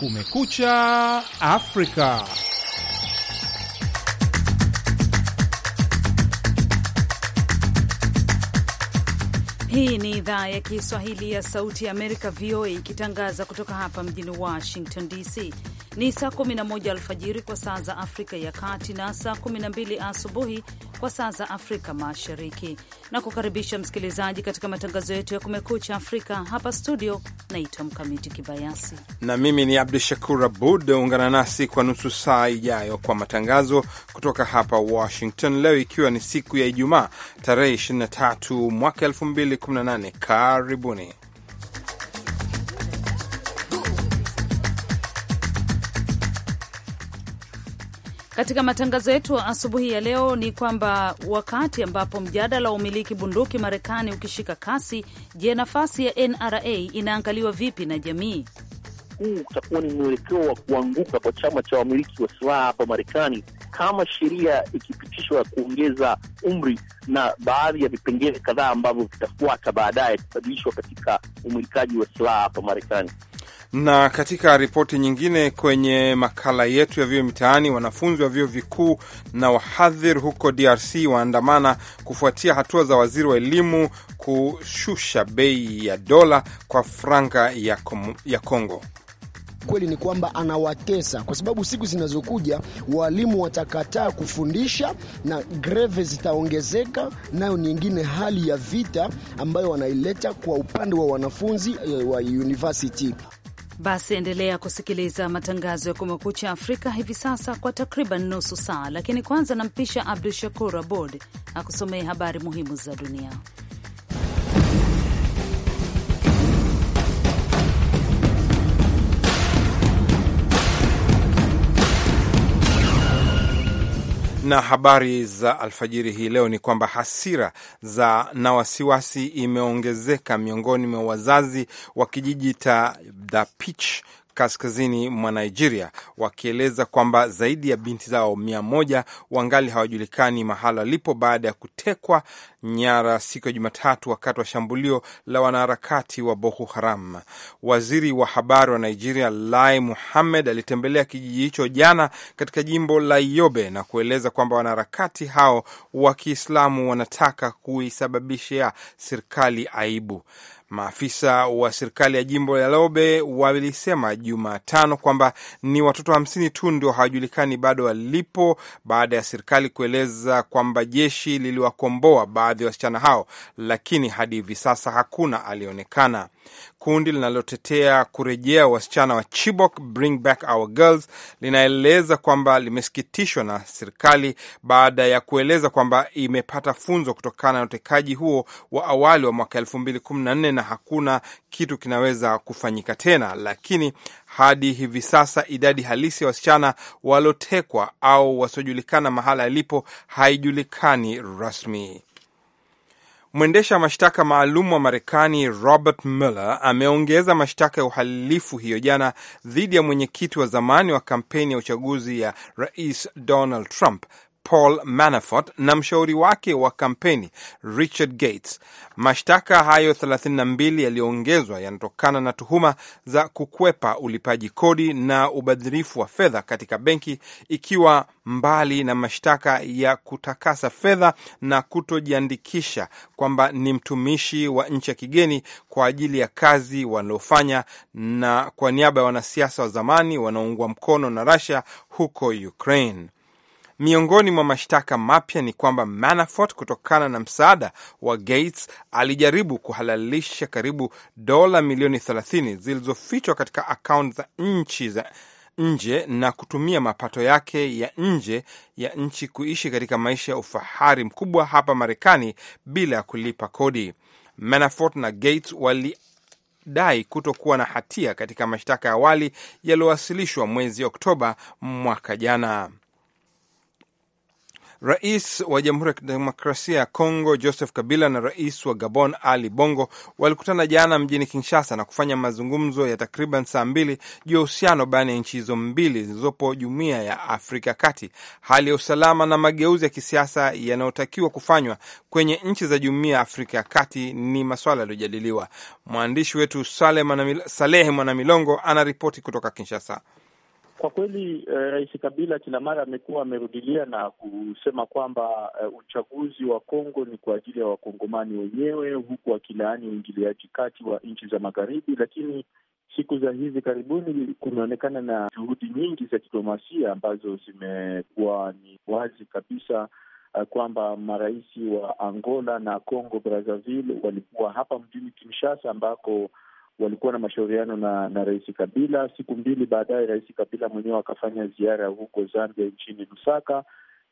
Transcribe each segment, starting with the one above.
Kumekucha Afrika. Hii ni idhaa ya Kiswahili ya Sauti ya Amerika, VOA, ikitangaza kutoka hapa mjini Washington DC. Ni saa 11 alfajiri kwa saa za Afrika ya Kati na saa 12 asubuhi kwa saa za Afrika Mashariki, na kukaribisha msikilizaji katika matangazo yetu ya Kumekucha Afrika. Hapa studio naitwa Mkamiti Kibayasi na mimi ni Abdu Shakur Abud. Ungana nasi kwa nusu saa ijayo kwa matangazo kutoka hapa Washington, leo ikiwa ni siku ya Ijumaa tarehe 23 mwaka 2018. Karibuni. katika matangazo yetu asubuhi ya leo ni kwamba wakati ambapo mjadala wa umiliki bunduki Marekani ukishika kasi, je, nafasi ya NRA inaangaliwa vipi na jamii? Huu utakuwa ni mwelekeo wa kuanguka kwa chama cha wamiliki wa silaha hapa Marekani kama sheria ikipitishwa ya kuongeza umri na baadhi ya vipengele kadhaa ambavyo vitafuata baadaye kubadilishwa katika umilikaji wa silaha hapa Marekani. Na katika ripoti nyingine kwenye makala yetu ya vyuo mitaani, wanafunzi wa vyuo vikuu na wahadhiri huko DRC waandamana kufuatia hatua za waziri wa elimu kushusha bei ya dola kwa franka ya, kom, ya Kongo. Kweli ni kwamba anawatesa kwa sababu siku zinazokuja walimu watakataa kufundisha na greve zitaongezeka, nayo ingine hali ya vita ambayo wanaileta kwa upande wa wanafunzi eh, wa university. Basi endelea kusikiliza matangazo ya Kumekucha Afrika hivi sasa kwa takriban nusu saa, lakini kwanza nampisha Abdu Shakur Abod akusomee habari muhimu za dunia. Na habari za alfajiri hii leo ni kwamba hasira za na wasiwasi imeongezeka miongoni mwa wazazi wa kijiji cha Dapich kaskazini mwa Nigeria, wakieleza kwamba zaidi ya binti zao mia moja wangali hawajulikani mahala walipo baada ya kutekwa nyara siku ya Jumatatu wakati wa shambulio la wanaharakati wa Boko Haram. Waziri wa habari wa Nigeria Lai Muhammed alitembelea kijiji hicho jana katika jimbo la Yobe na kueleza kwamba wanaharakati hao wa Kiislamu wanataka kuisababishia serikali aibu. Maafisa wa serikali ya jimbo la Lobe walisema Jumatano kwamba ni watoto hamsini tu ndio hawajulikani bado walipo baada ya serikali kueleza kwamba jeshi liliwakomboa baadhi ya wasichana hao, lakini hadi hivi sasa hakuna alionekana Kundi linalotetea kurejea wasichana wa Chibok, Bring Back Our Girls, linaeleza kwamba limesikitishwa na serikali baada ya kueleza kwamba imepata funzo kutokana na utekaji huo wa awali wa mwaka 2014 na hakuna kitu kinaweza kufanyika tena, lakini hadi hivi sasa idadi halisi ya wasichana waliotekwa au wasiojulikana mahala yalipo haijulikani rasmi. Mwendesha mashtaka maalum wa Marekani Robert Mueller ameongeza mashtaka ya uhalifu hiyo jana dhidi ya mwenyekiti wa zamani wa kampeni ya uchaguzi ya rais Donald Trump Paul Manafort na mshauri wake wa kampeni Richard Gates. Mashtaka hayo 32 yaliyoongezwa yanatokana na tuhuma za kukwepa ulipaji kodi na ubadhirifu wa fedha katika benki, ikiwa mbali na mashtaka ya kutakasa fedha na kutojiandikisha kwamba ni mtumishi wa nchi ya kigeni kwa ajili ya kazi wanaofanya na kwa niaba ya wanasiasa wa zamani wanaoungwa mkono na Russia huko Ukraine. Miongoni mwa mashtaka mapya ni kwamba Manafort, kutokana na msaada wa Gates, alijaribu kuhalalisha karibu dola milioni 30 zilizofichwa katika akaunti za nchi za nje na kutumia mapato yake ya nje ya nchi kuishi katika maisha ya ufahari mkubwa hapa Marekani bila ya kulipa kodi. Manafort na Gates walidai kutokuwa na hatia katika mashtaka ya awali yaliyowasilishwa mwezi Oktoba mwaka jana. Rais wa Jamhuri ya Kidemokrasia ya Kongo Joseph Kabila na rais wa Gabon Ali Bongo walikutana jana mjini Kinshasa na kufanya mazungumzo ya takriban saa mbili juu ya uhusiano baina ya nchi hizo mbili zilizopo Jumuiya ya Afrika Kati, hali ya usalama na mageuzi ya kisiasa yanayotakiwa kufanywa kwenye nchi za Jumuiya ya Afrika ya Kati ni maswala yaliyojadiliwa. Mwandishi wetu salehe Mwanamilongo anaripoti kutoka Kinshasa. Kwa kweli eh, Rais Kabila kila mara amekuwa amerudilia na kusema kwamba eh, uchaguzi wa Kongo ni kwa ajili ya wakongomani wenyewe, huku akilaani uingiliaji kati wa nchi za magharibi. Lakini siku za hivi karibuni kumeonekana na juhudi nyingi za diplomasia ambazo zimekuwa ni wazi kabisa eh, kwamba marais wa Angola na Congo Brazzaville walikuwa hapa mjini Kinshasa ambako walikuwa na mashauriano na, na Rais Kabila. Siku mbili baadaye, Rais Kabila mwenyewe akafanya ziara huko Zambia, nchini Lusaka,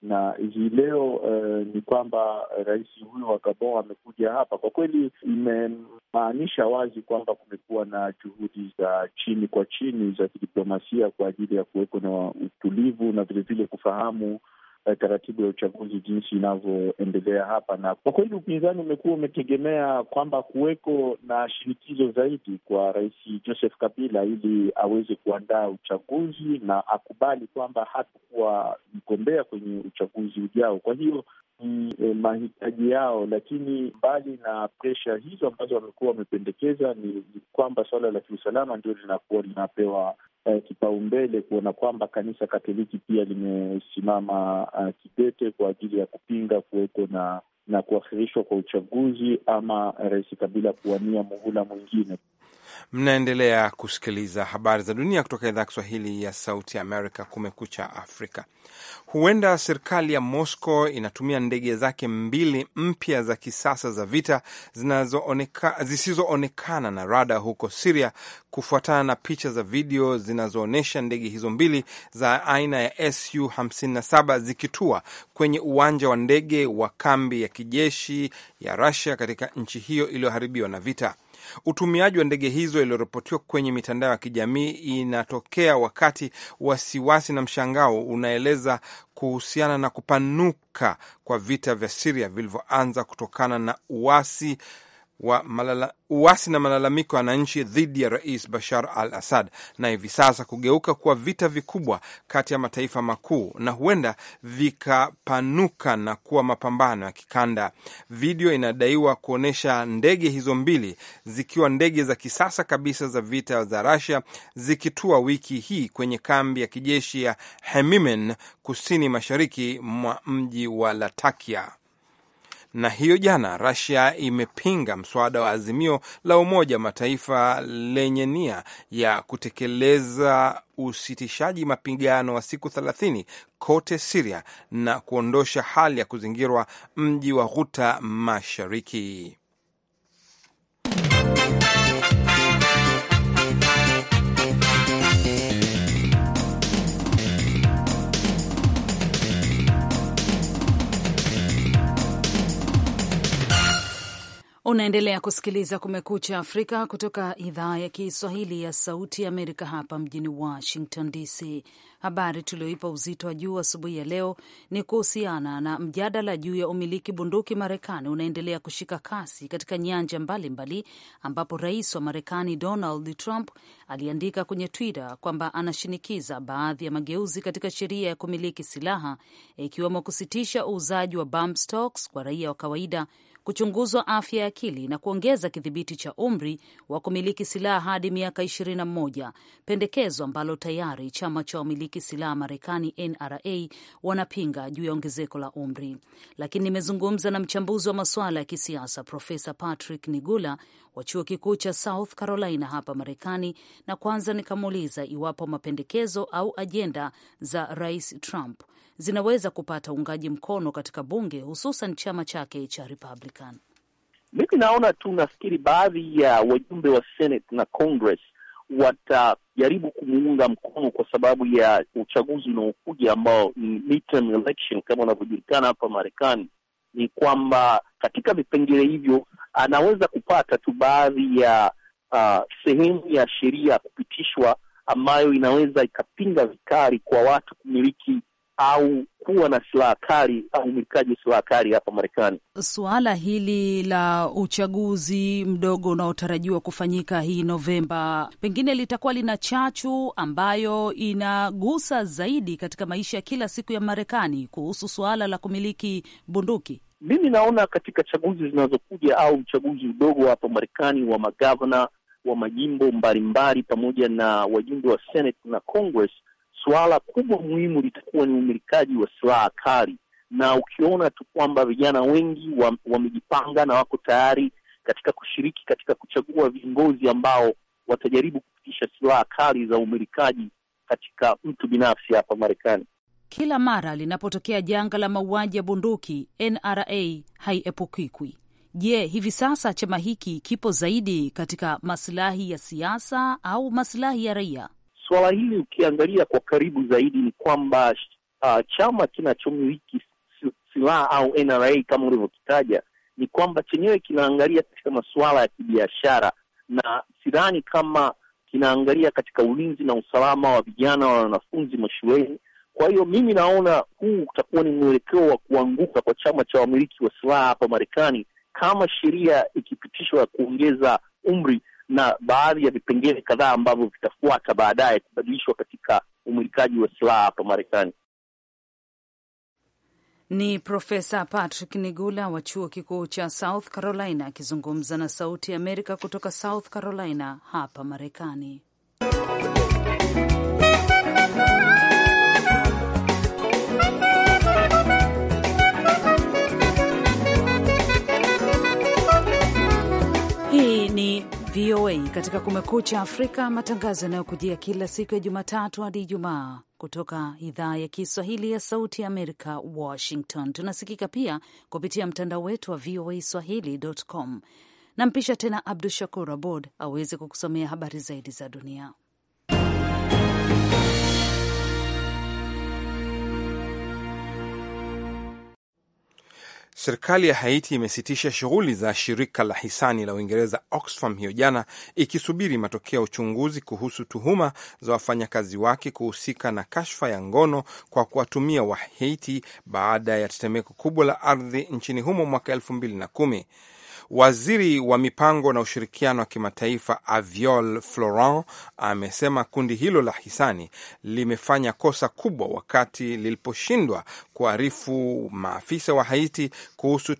na hii leo uh, ni kwamba rais huyo wa Gabon amekuja hapa. Kwa kweli imemaanisha wazi kwamba kumekuwa na juhudi za chini kwa chini za kidiplomasia kwa ajili ya kuweko na utulivu na vilevile kufahamu eh, taratibu ya uchaguzi jinsi inavyoendelea hapa, na kwa kweli upinzani umekuwa umetegemea kwamba kuweko na shinikizo zaidi kwa Rais Joseph Kabila ili aweze kuandaa uchaguzi na akubali kwamba hatukuwa mgombea kwenye uchaguzi ujao. Kwa hiyo eh, mahitaji yao, lakini mbali na presha hizo ambazo wamekuwa wamependekeza ni kwamba suala la kiusalama ndio linakuwa linapewa eh, kipaumbele kuona kwamba kanisa Katoliki pia limesimama eh, kidete kwa ajili ya kupinga kuweko na na kuahirishwa kwa uchaguzi ama Rais Kabila kuwania muhula mwingine. Mnaendelea kusikiliza habari za dunia kutoka idhaa ya Kiswahili ya Sauti ya Amerika, Kumekucha Afrika. Huenda serikali ya Moscow inatumia ndege zake mbili mpya za kisasa za vita zisizoonekana na rada huko Siria, kufuatana na picha za video zinazoonyesha ndege hizo mbili za aina ya Su 57 zikitua kwenye uwanja wa ndege wa kambi ya kijeshi ya Rusia katika nchi hiyo iliyoharibiwa na vita. Utumiaji wa ndege hizo iliyoripotiwa kwenye mitandao ya kijamii inatokea wakati wasiwasi na mshangao unaeleza kuhusiana na kupanuka kwa vita vya Siria vilivyoanza kutokana na uasi wa malala, uasi na malalamiko ya wananchi dhidi ya rais Bashar al Assad na hivi sasa kugeuka kuwa vita vikubwa kati ya mataifa makuu na huenda vikapanuka na kuwa mapambano ya kikanda. Video inadaiwa kuonyesha ndege hizo mbili zikiwa ndege za kisasa kabisa za vita za rasia zikitua wiki hii kwenye kambi ya kijeshi ya Hemimen kusini mashariki mwa mji wa Latakia. Na hiyo jana Russia imepinga mswada wa azimio la Umoja wa Mataifa lenye nia ya kutekeleza usitishaji mapigano wa siku thelathini kote Siria na kuondosha hali ya kuzingirwa mji wa Ghuta mashariki. Unaendelea kusikiliza Kumekucha Afrika kutoka idhaa ya Kiswahili ya Sauti ya Amerika hapa mjini Washington DC. Habari tulioipa uzito wa juu asubuhi ya leo ni kuhusiana na mjadala juu ya umiliki bunduki Marekani unaendelea kushika kasi katika nyanja mbalimbali mbali, ambapo rais wa Marekani Donald Trump aliandika kwenye Twitter kwamba anashinikiza baadhi ya mageuzi katika sheria ya kumiliki silaha ikiwemo kusitisha uuzaji wa bump stocks kwa raia wa kawaida kuchunguzwa afya ya akili na kuongeza kidhibiti cha umri wa kumiliki silaha hadi miaka 21, pendekezo ambalo tayari chama cha wamiliki silaha Marekani NRA wanapinga juu ya ongezeko la umri. Lakini nimezungumza na mchambuzi wa masuala ya kisiasa Profesa Patrick Nigula wa chuo kikuu cha South Carolina hapa Marekani, na kwanza nikamuuliza iwapo mapendekezo au ajenda za Rais Trump zinaweza kupata uungaji mkono katika bunge, hususan chama chake cha Republican? Mimi naona tu, nafikiri baadhi ya wajumbe wa Senate na Congress watajaribu kumuunga mkono kwa sababu ya uchaguzi unaokuja ambao ni midterm election kama unavyojulikana hapa Marekani. Ni kwamba katika vipengele hivyo anaweza kupata tu baadhi ya uh, sehemu ya sheria kupitishwa ambayo inaweza ikapinga vikali kwa watu kumiliki au kuwa na silaha kali au umilikaji wa silaha kali hapa Marekani. Suala hili la uchaguzi mdogo unaotarajiwa kufanyika hii Novemba pengine litakuwa lina chachu ambayo inagusa zaidi katika maisha ya kila siku ya Marekani kuhusu suala la kumiliki bunduki. Mimi naona katika chaguzi zinazokuja au uchaguzi mdogo hapa Marekani wa magavana wa majimbo mbalimbali pamoja na wajumbe wa Senate na Congress suala kubwa muhimu litakuwa ni umilikaji wa silaha kali, na ukiona tu kwamba vijana wengi wamejipanga wa na wako tayari katika kushiriki katika kuchagua viongozi ambao watajaribu kupitisha silaha kali za umilikaji katika mtu binafsi hapa Marekani. Kila mara linapotokea janga la mauaji ya bunduki, NRA haiepukikwi. Je, hivi sasa chama hiki kipo zaidi katika masilahi ya siasa au masilahi ya raia? suala hili ukiangalia kwa karibu zaidi ni kwamba uh, chama kinachomiliki silaha au NRA kama ulivyokitaja, ni kwamba chenyewe kinaangalia katika masuala ya kibiashara, na sidhani kama kinaangalia katika ulinzi na usalama wa vijana wa wanafunzi mashuleni. Kwa hiyo mimi naona huu utakuwa ni mwelekeo wa kuanguka kwa chama cha wamiliki wa silaha hapa Marekani kama sheria ikipitishwa ya kuongeza umri na baadhi ya vipengele kadhaa ambavyo vitafuata baadaye kubadilishwa katika umilikaji wa silaha hapa Marekani. Ni Profesa Patrick Nigula wa chuo kikuu cha South Carolina akizungumza na Sauti ya Amerika kutoka South Carolina hapa Marekani. katika Kumekucha Afrika, matangazo yanayokujia kila siku ya Jumatatu hadi Ijumaa kutoka idhaa ya Kiswahili ya Sauti ya Amerika, Washington. Tunasikika pia kupitia mtandao wetu wa VOA swahili.com. Nampisha tena Abdu Shakur Abod aweze kukusomea habari zaidi za dunia. Serikali ya Haiti imesitisha shughuli za shirika la hisani la Uingereza Oxfam hiyo jana, ikisubiri matokeo ya uchunguzi kuhusu tuhuma za wafanyakazi wake kuhusika na kashfa ya ngono kwa kuwatumia Wahaiti baada ya tetemeko kubwa la ardhi nchini humo mwaka elfu mbili na kumi. Waziri wa mipango na ushirikiano wa kimataifa Aviol Florent amesema kundi hilo la hisani limefanya kosa kubwa wakati liliposhindwa kuarifu maafisa wa Haiti kuhusu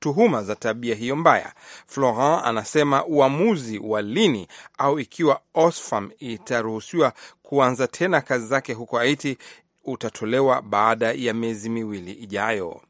tuhuma za tabia hiyo mbaya. Florent anasema uamuzi wa lini au ikiwa osfam itaruhusiwa kuanza tena kazi zake huko Haiti utatolewa baada ya miezi miwili ijayo.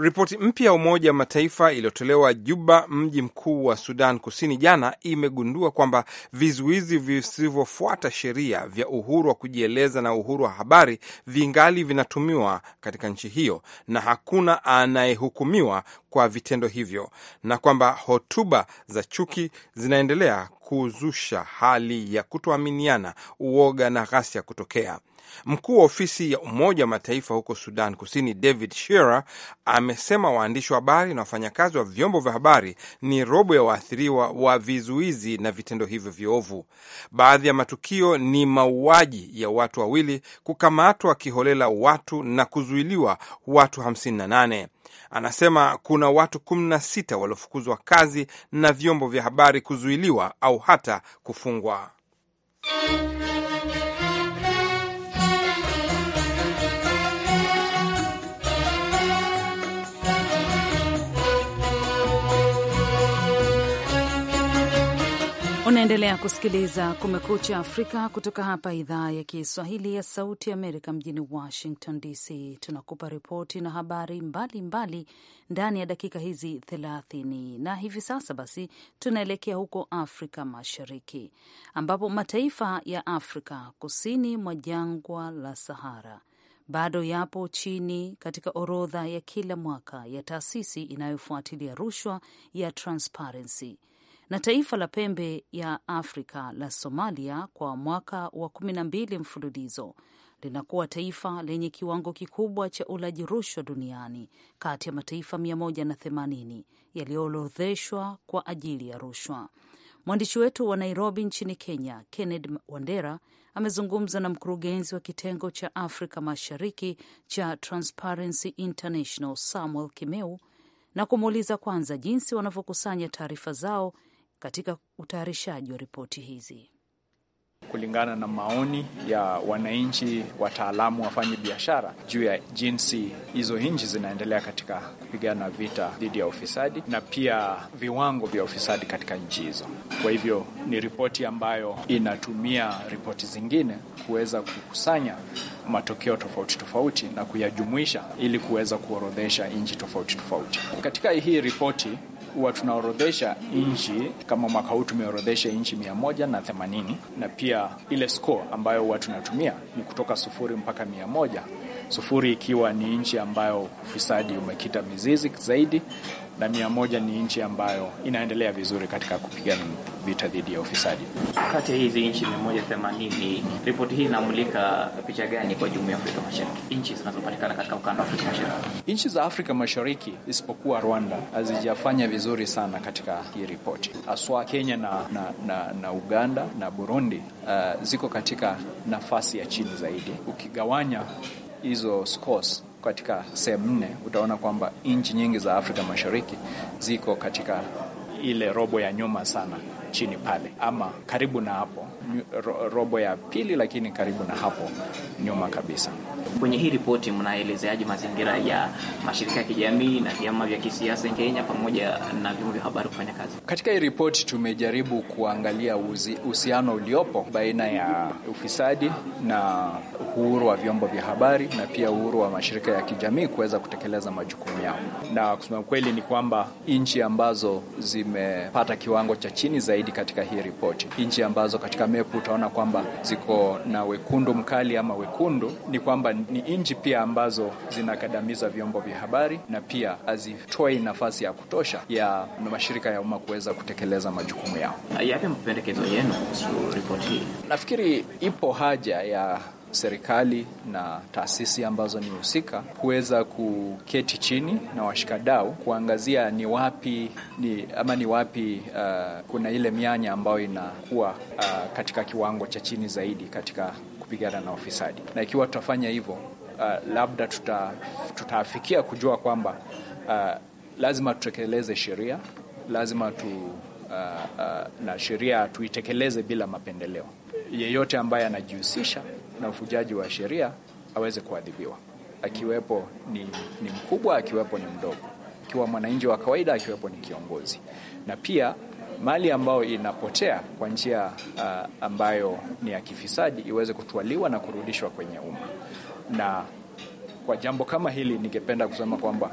Ripoti mpya ya Umoja wa Mataifa iliyotolewa Juba, mji mkuu wa Sudan Kusini, jana imegundua kwamba vizuizi visivyofuata sheria vya uhuru wa kujieleza na uhuru wa habari vingali vinatumiwa katika nchi hiyo na hakuna anayehukumiwa kwa vitendo hivyo, na kwamba hotuba za chuki zinaendelea kuzusha hali ya kutoaminiana, uoga na ghasia kutokea. Mkuu wa ofisi ya Umoja wa Mataifa huko Sudan Kusini, David Shearer, amesema waandishi wa habari na wafanyakazi wa vyombo vya habari ni robo ya waathiriwa wa vizuizi na vitendo hivyo viovu. Baadhi ya matukio ni mauaji ya watu wawili, kukamatwa kiholela watu na kuzuiliwa watu 58. Anasema kuna watu 16 waliofukuzwa kazi na vyombo vya habari kuzuiliwa au hata kufungwa. Unaendelea kusikiliza Kumekucha Afrika kutoka hapa idhaa ya Kiswahili ya Sauti Amerika mjini Washington DC. Tunakupa ripoti na habari mbalimbali mbali ndani ya dakika hizi 30 na hivi sasa basi, tunaelekea huko Afrika Mashariki ambapo mataifa ya Afrika kusini mwa jangwa la Sahara bado yapo chini katika orodha ya kila mwaka ya taasisi inayofuatilia rushwa ya Transparency na taifa la pembe ya Afrika la Somalia kwa mwaka wa kumi na mbili mfululizo linakuwa taifa lenye kiwango kikubwa cha ulaji rushwa duniani kati ya mataifa 180 yaliyoorodheshwa kwa ajili ya rushwa. Mwandishi wetu wa Nairobi nchini Kenya, Kenneth Wandera, amezungumza na mkurugenzi wa kitengo cha Afrika Mashariki cha Transparency International, Samuel Kimeu, na kumuuliza kwanza jinsi wanavyokusanya taarifa zao katika utayarishaji wa ripoti hizi. Kulingana na maoni ya wananchi, wataalamu, wafanyi biashara juu ya jinsi hizo nchi zinaendelea katika kupigana vita dhidi ya ufisadi na pia viwango vya ufisadi katika nchi hizo. Kwa hivyo ni ripoti ambayo inatumia ripoti zingine kuweza kukusanya matokeo tofauti tofauti na kuyajumuisha ili kuweza kuorodhesha nchi tofauti tofauti. Katika hii ripoti huwa tunaorodhesha nchi kama mwaka huu tumeorodhesha nchi mia moja na themanini na pia ile score ambayo huwa tunatumia ni kutoka sufuri mpaka mia moja sufuri ikiwa ni nchi ambayo ufisadi umekita mizizi zaidi na mia moja ni nchi ambayo inaendelea vizuri katika kupigana vita dhidi ya ufisadi. Kati ya hizi nchi mia moja themanini, ripoti hii inamulika picha gani kwa jumuiya ya Afrika Mashariki, nchi zinazopatikana katika ukanda wa Afrika Mashariki? Nchi za Afrika Mashariki isipokuwa Rwanda hazijafanya vizuri sana katika hii ripoti, haswa Kenya na, na, na, na Uganda na Burundi uh, ziko katika nafasi ya chini zaidi. Ukigawanya hizo scores katika sehemu nne, utaona kwamba nchi nyingi za Afrika Mashariki ziko katika ile robo ya nyuma sana chini pale, ama karibu na hapo robo ya pili, lakini karibu na hapo nyuma kabisa. Kwenye hii ripoti mnaelezeaje mazingira ya mashirika ya kijamii na vyama vya kisiasa Kenya pamoja na vyombo vya habari kufanya kazi? Katika hii ripoti tumejaribu kuangalia uhusiano uliopo baina ya ufisadi na uhuru wa vyombo vya habari na pia uhuru wa mashirika ya kijamii kuweza kutekeleza majukumu yao. Na kusema kweli ni kwamba nchi ambazo zimepata kiwango cha chini zaidi katika hii ripoti, nchi ambazo katika mepu utaona kwamba ziko na wekundu mkali ama wekundu, ni kwamba ni nchi pia ambazo zinakandamiza vyombo vya habari na pia hazitoi nafasi ya kutosha ya mashirika ya umma kuweza kutekeleza majukumu yao. Yapi mapendekezo yenu kuhusu ripoti hii? Nafikiri ipo haja ya serikali na taasisi ambazo ni husika kuweza kuketi chini na washikadau kuangazia ni wapi ni, ama ni wapi uh, kuna ile mianya ambayo inakuwa uh, katika kiwango cha chini zaidi katika kupigana na ufisadi, na ikiwa tutafanya hivyo uh, labda tuta, tutaafikia kujua kwamba uh, lazima tutekeleze sheria, lazima tu uh, uh, na sheria tuitekeleze bila mapendeleo. Yeyote ambaye anajihusisha na ufujaji wa sheria aweze kuadhibiwa, akiwepo ni, ni mkubwa, akiwepo ni mdogo, akiwa mwananchi wa kawaida, akiwepo ni kiongozi na pia mali ambayo inapotea kwa njia uh, ambayo ni ya kifisadi iweze kutwaliwa na kurudishwa kwenye umma. Na kwa jambo kama hili, ningependa kusema kwamba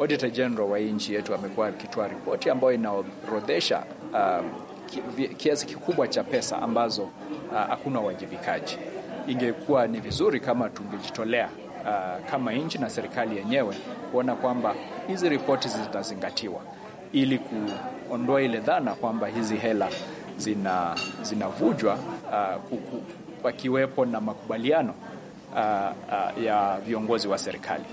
Auditor General wa hii nchi yetu amekuwa akitoa ripoti ambayo inaorodhesha uh, kiasi kikubwa cha pesa ambazo ah, hakuna uh, uwajibikaji. Ingekuwa ni vizuri kama tungejitolea uh, kama nchi na serikali yenyewe kuona kwamba hizi ripoti zitazingatiwa ili kuondoa ile dhana kwamba hizi hela zinavujwa zina uh, pakiwepo na makubaliano uh, uh, ya viongozi wa serikali.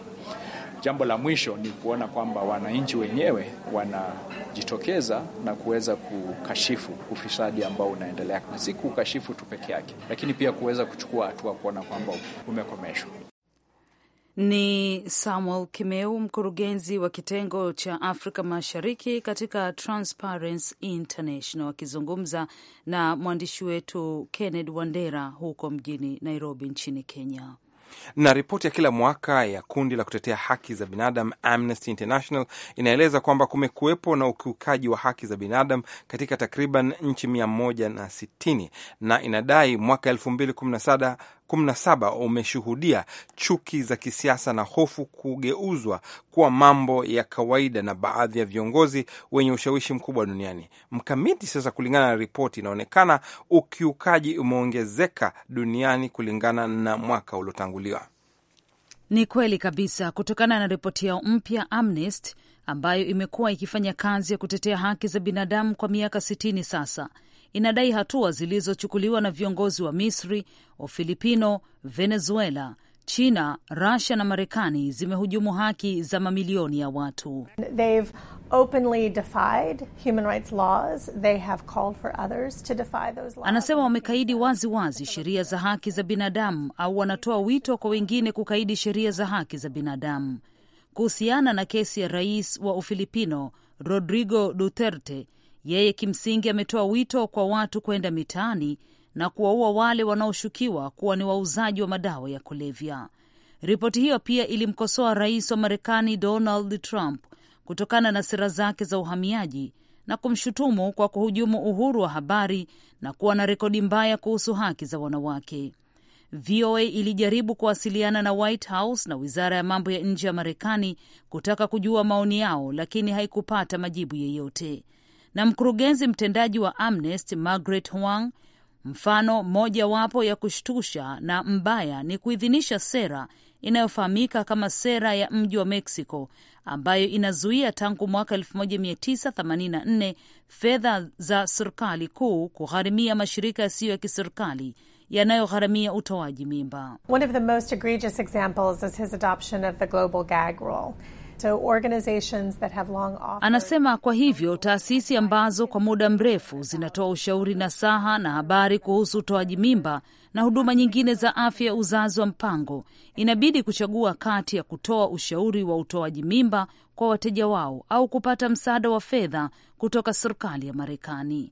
Jambo la mwisho ni kuona kwamba wananchi wenyewe wanajitokeza na kuweza kukashifu ufisadi ambao unaendelea, na si kukashifu tu peke yake, lakini pia kuweza kuchukua hatua kuona kwamba umekomeshwa. Ni Samuel Kimeu, mkurugenzi wa kitengo cha Afrika Mashariki katika Transparency International, akizungumza na mwandishi wetu Kenneth Wandera huko mjini Nairobi nchini Kenya. Na ripoti ya kila mwaka ya kundi la kutetea haki za binadamu Amnesty International inaeleza kwamba kumekuwepo na ukiukaji wa haki za binadamu katika takriban nchi mia moja na sitini na inadai mwaka elfu mbili kumi na saba 17 umeshuhudia chuki za kisiasa na hofu kugeuzwa kuwa mambo ya kawaida na baadhi ya viongozi wenye ushawishi mkubwa duniani. Mkamiti sasa, kulingana na ripoti, inaonekana ukiukaji umeongezeka duniani kulingana na mwaka uliotanguliwa. Ni kweli kabisa. Kutokana na ripoti yao mpya Amnesty ambayo imekuwa ikifanya kazi ya kutetea haki za binadamu kwa miaka sitini sasa inadai hatua zilizochukuliwa na viongozi wa Misri, Ufilipino, Venezuela, China, rasia na Marekani zimehujumu haki za mamilioni ya watu. Anasema wamekaidi wazi wazi sheria za haki za binadamu au wanatoa wito kwa wengine kukaidi sheria za haki za binadamu. Kuhusiana na kesi ya rais wa Ufilipino Rodrigo Duterte yeye kimsingi ametoa wito kwa watu kwenda mitaani na kuwaua wale wanaoshukiwa kuwa ni wauzaji wa madawa ya kulevya. Ripoti hiyo pia ilimkosoa rais wa Marekani Donald Trump kutokana na sera zake za uhamiaji na kumshutumu kwa kuhujumu uhuru wa habari na kuwa na rekodi mbaya kuhusu haki za wanawake. VOA ilijaribu kuwasiliana na White House na wizara ya mambo ya nje ya Marekani kutaka kujua maoni yao, lakini haikupata majibu yeyote na mkurugenzi mtendaji wa Amnesty Margaret Huang. Mfano mojawapo ya kushtusha na mbaya ni kuidhinisha sera inayofahamika kama sera ya mji wa Mexico ambayo inazuia tangu mwaka 1984 fedha za serikali kuu kugharimia mashirika yasiyo ya kiserikali yanayogharamia utoaji mimba. One of the most egregious examples is his adoption of the global gag rule. Anasema kwa hivyo taasisi ambazo kwa muda mrefu zinatoa ushauri na saha na habari kuhusu utoaji mimba na huduma nyingine za afya ya uzazi wa mpango inabidi kuchagua kati ya kutoa ushauri wa utoaji mimba kwa wateja wao au kupata msaada wa fedha kutoka serikali ya Marekani.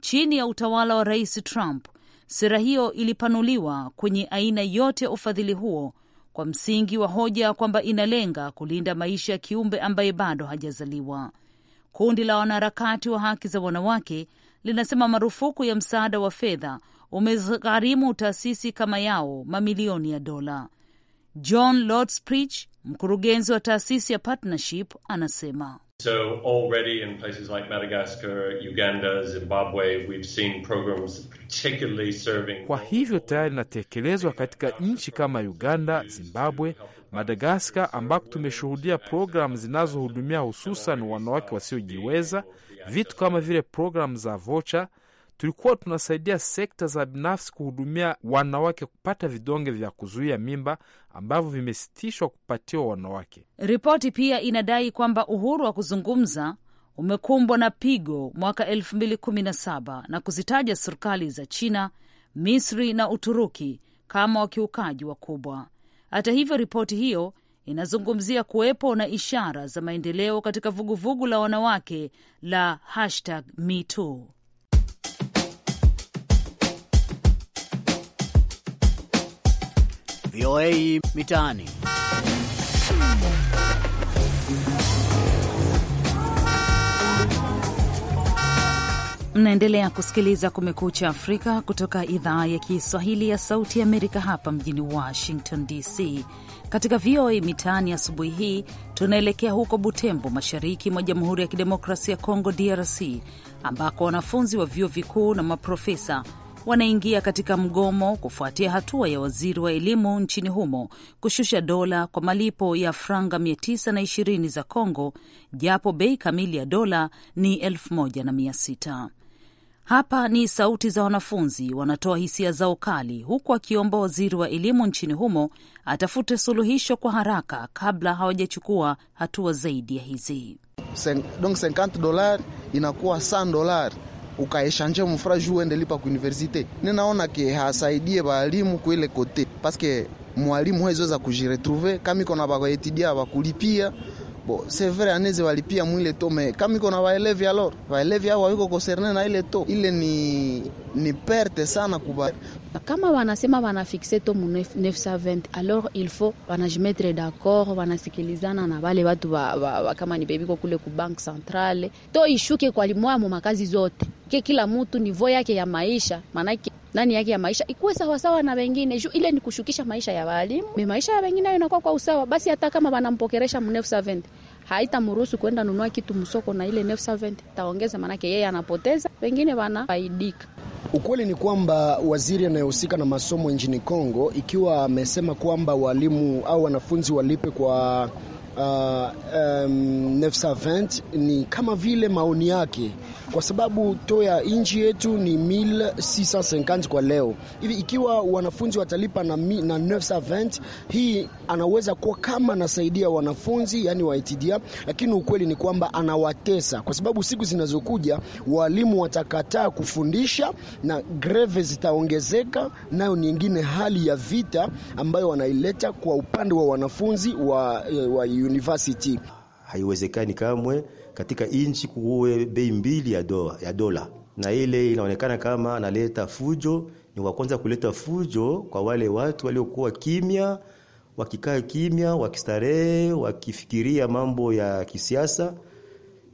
Chini ya utawala wa Rais Trump, sera hiyo ilipanuliwa kwenye aina yote ya ufadhili huo kwa msingi wa hoja kwamba inalenga kulinda maisha ya kiumbe ambaye bado hajazaliwa. Kundi la wanaharakati wa haki za wanawake linasema marufuku ya msaada wa fedha umegharimu taasisi kama yao mamilioni ya dola. John Lotsprich, mkurugenzi wa taasisi ya Partnership, anasema So already in places like Madagascar, Uganda, Zimbabwe, we've seen programs particularly serving. Kwa hivyo tayari inatekelezwa katika nchi kama Uganda, Zimbabwe, Madagascar ambako tumeshuhudia programu zinazohudumia hususan wanawake wasiojiweza, vitu kama vile programu za vocha tulikuwa tunasaidia sekta za binafsi kuhudumia wanawake kupata vidonge vya kuzuia mimba ambavyo vimesitishwa kupatiwa wanawake. Ripoti pia inadai kwamba uhuru wa kuzungumza umekumbwa na pigo mwaka 2017 na kuzitaja serikali za China, Misri na Uturuki kama wakiukaji wakubwa. Hata hivyo, ripoti hiyo inazungumzia kuwepo na ishara za maendeleo katika vuguvugu la wanawake la hashtag MeToo. VOA Mitaani. Mnaendelea kusikiliza Kumekucha Afrika kutoka idhaa ya Kiswahili ya Sauti Amerika, hapa mjini Washington DC. Katika VOA Mitaani asubuhi hii tunaelekea huko Butembo, mashariki mwa Jamhuri ya Kidemokrasia ya Kongo, DRC, ambako wanafunzi wa vyuo vikuu na maprofesa wanaingia katika mgomo kufuatia hatua ya waziri wa elimu nchini humo kushusha dola kwa malipo ya franga 920 za congo japo bei kamili ya dola ni 1600. Hapa ni sauti za wanafunzi wanatoa hisia zao kali, huku akiomba waziri wa elimu nchini humo atafute suluhisho kwa haraka kabla hawajachukua hatua zaidi ya hizi. Donc 50 dola inakuwa 100 dola ukaechange mufuraji uende lipa ku universite. Ninaona ke hasaidie baalimu kuile kote paske mwalimu hwezweza kujiretrouve kama iko na baetidia bakulipia bo c'est vrai aneze walipia mwile to me kama iko na baeleve alors baeleve ao wawiko concerne na ile to ile ni ni perte sana kuba. Kama wanasema to mu 920 alors il faut wanajimetre d'accord, wanasikilizana na wale watu wa, wa, wa, kama ni bebiko kule ku bank centrale to ishuke kwa limoya mu makazi zote ke kila mtu nivo yake ya maisha manake nani yake ya maisha ikuwe sawasawa na wengine, juu ile ni kushukisha maisha ya walimu, maisha ya wengine hayo inakuwa kwa usawa. Basi hata kama wanampokeresha mnefu saventi haitamruhusu kwenda nunua kitu msoko na ile 920 saventi taongeza, manake yeye anapoteza, wengine wanafaidika. Ukweli ni kwamba waziri anayehusika na masomo nchini Kongo, ikiwa amesema kwamba walimu au wanafunzi walipe kwa uh, um, Nefsavant ni kama vile maoni yake, kwa sababu to ya inchi yetu ni 1650 kwa leo hivi. Ikiwa wanafunzi watalipa na, na Nefsavant, hii anaweza kuwa kama anasaidia wanafunzi yani wa lakini ukweli ni kwamba anawatesa, kwa sababu siku zinazokuja walimu watakataa kufundisha na greve zitaongezeka, nayo nyingine hali ya vita ambayo wanaileta kwa upande wa wanafunzi wa, eh, wa university. Haiwezekani kamwe katika inchi kuwe bei mbili ya dola, ya dola, na ile inaonekana kama analeta fujo. Ni wa kwanza kuleta fujo kwa wale watu waliokuwa kimya, wakikaa kimya, wakistarehe, wakifikiria mambo ya kisiasa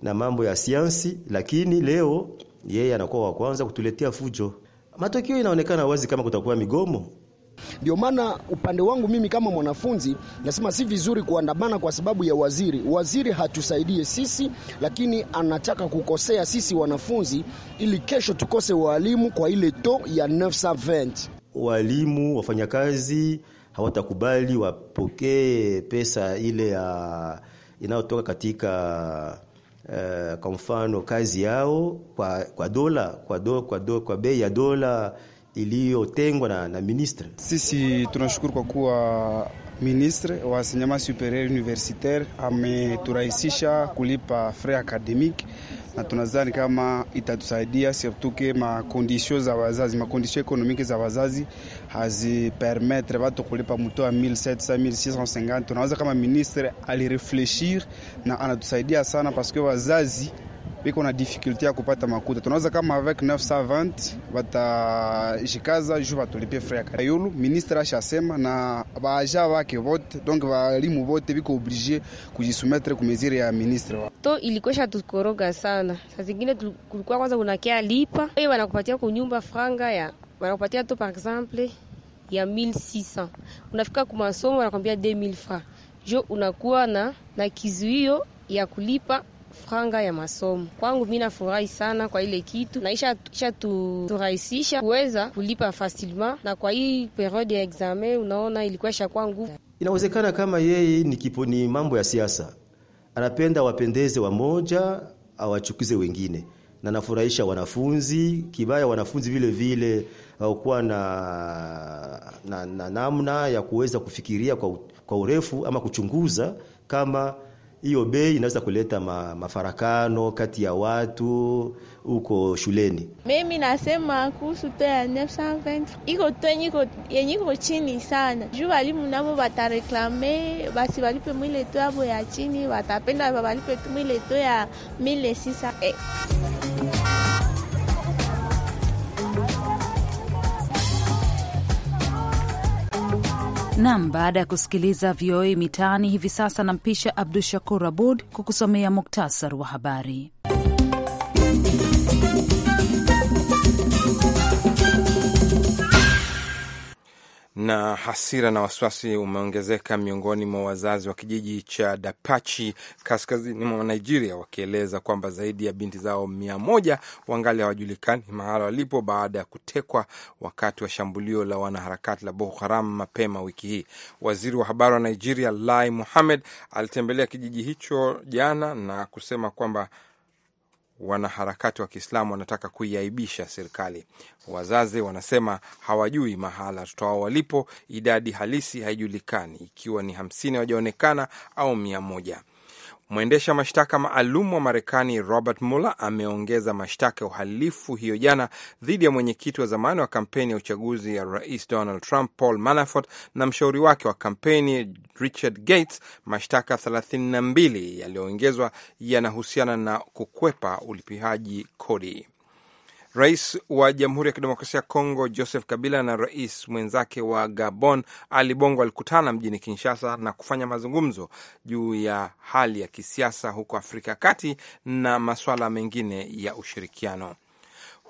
na mambo ya siansi, lakini leo yeye anakuwa wa kwanza kutuletea fujo. Matokeo inaonekana wazi kama kutakuwa migomo ndio maana upande wangu mimi kama mwanafunzi nasema si vizuri kuandamana kwa sababu ya waziri. Waziri hatusaidie sisi, lakini anataka kukosea sisi wanafunzi, ili kesho tukose walimu kwa ile to ya 920. Walimu wafanyakazi hawatakubali wapokee pesa ile ya inayotoka katika uh, kwa mfano kazi yao kwa, kwa dola kwa, do, kwa, do, kwa bei ya dola iliyotengwa na, na ministre. Sisi tunashukuru kwa kuwa ministre wa enseignement superieur universitaire ameturahisisha kulipa frais academique na tunazani kama itatusaidia surtuke makondisio za wazazi, makondisio ekonomike za wazazi hazipermetre watu kulipa mtoa 1700 1650. Tunawaza kama ministre alireflechir na anatusaidia sana paske wazazi biko na difficulty ya kupata makuta. Tunaweza kama avec 920 batashikaza juu batulipie frais ya yulu. Ministre ashasema na baaja wake vote, donc walimu vote biko obligé kujisumetre ku mesure ya ministre To ilikuwa tukoroga sana. Sasa zingine kulikuwa kwanza unakia lipa. Wewe wanakupatia nyumba franga ya wanakupatia to par exemple ya 1600. Unafika kwa masomo wanakwambia 2000 francs. Jo unakuwa na na kizuio ya kulipa franga ya masomo. Kwangu mimi nafurahi sana kwa ile kitu naisha isha turahisisha kuweza kulipa fasilma, na kwa hii periode ya examen unaona ilikuwa ishakuwa nguvu. Inawezekana kama yeye ni kipo ni mambo ya siasa, anapenda wapendeze wamoja, awachukize wengine na nafurahisha wanafunzi kibaya. Wanafunzi vile vile hawakuwa na, na, na namna ya kuweza kufikiria kwa, kwa urefu ama kuchunguza kama hiyo bei inaweza kuleta ma, mafarakano kati ya watu huko shuleni. Mimi nasema kuhusu to ya 920 iko to yenye iko chini sana, juu walimu navo watareklame basi walipe mwile to yavo ya chini, watapenda walipe tu mwile to ya 1600. Nam, baada ya kusikiliza VOA Mitaani, hivi sasa nampisha Abdu Shakur Abud kukusomea muktasar wa habari. Na hasira na wasiwasi umeongezeka miongoni mwa wazazi wa kijiji cha Dapachi kaskazini mwa Nigeria, wakieleza kwamba zaidi ya binti zao mia moja wangali hawajulikani mahala walipo baada ya kutekwa wakati wa shambulio la wanaharakati la Boko Haram mapema wiki hii. Waziri wa habari wa Nigeria Lai Muhamed alitembelea kijiji hicho jana na kusema kwamba wanaharakati wa Kiislamu wanataka kuiaibisha serikali. Wazazi wanasema hawajui mahala watoto wao walipo, idadi halisi haijulikani, ikiwa ni hamsini wajaonekana au mia moja. Mwendesha mashtaka maalum wa Marekani Robert Mueller ameongeza mashtaka ya uhalifu hiyo jana dhidi ya mwenyekiti wa zamani wa kampeni ya uchaguzi ya rais Donald Trump Paul Manafort na mshauri wake wa kampeni Richard Gates. Mashtaka 32 yaliyoongezwa yanahusiana na kukwepa ulipihaji kodi. Rais wa Jamhuri ya Kidemokrasia ya Kongo Joseph Kabila na rais mwenzake wa Gabon Ali Bongo walikutana mjini Kinshasa na kufanya mazungumzo juu ya hali ya kisiasa huko Afrika ya Kati na masuala mengine ya ushirikiano.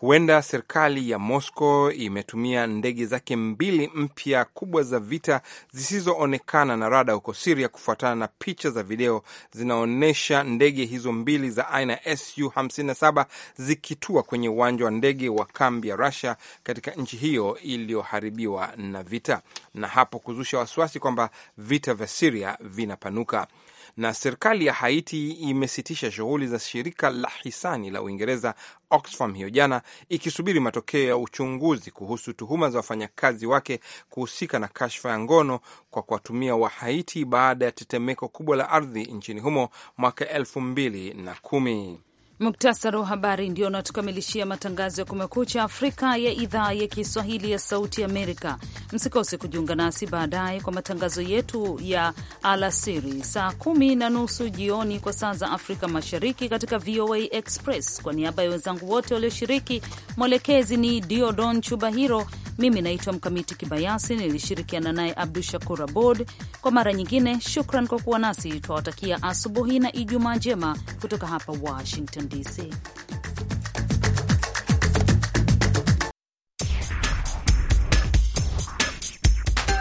Huenda serikali ya Moscow imetumia ndege zake mbili mpya kubwa za vita zisizoonekana na rada huko Siria, kufuatana na picha za video zinaonyesha ndege hizo mbili za aina ya su 57 zikitua kwenye uwanja wa ndege wa kambi ya Rusia katika nchi hiyo iliyoharibiwa na vita, na hapo kuzusha wasiwasi kwamba vita vya Siria vinapanuka. Na serikali ya Haiti imesitisha shughuli za shirika la hisani la Uingereza Oxfam hiyo jana, ikisubiri matokeo ya uchunguzi kuhusu tuhuma za wafanyakazi wake kuhusika na kashfa ya ngono kwa kuwatumia wa Haiti baada ya tetemeko kubwa la ardhi nchini humo mwaka elfu mbili na kumi. Muktasari wa habari ndio unatukamilishia matangazo ya Kumekucha Afrika ya idhaa ya Kiswahili ya Sauti Amerika. Msikose kujiunga nasi baadaye kwa matangazo yetu ya alasiri saa kumi na nusu jioni kwa saa za Afrika Mashariki katika VOA Express. Kwa niaba ya wenzangu wote walioshiriki, mwelekezi ni Diodon Chubahiro, mimi naitwa Mkamiti Kibayasi, nilishirikiana naye Abdu Shakur Abod. Kwa mara nyingine, shukran kwa kuwa nasi. Twawatakia asubuhi na Ijumaa njema kutoka hapa Washington. DC.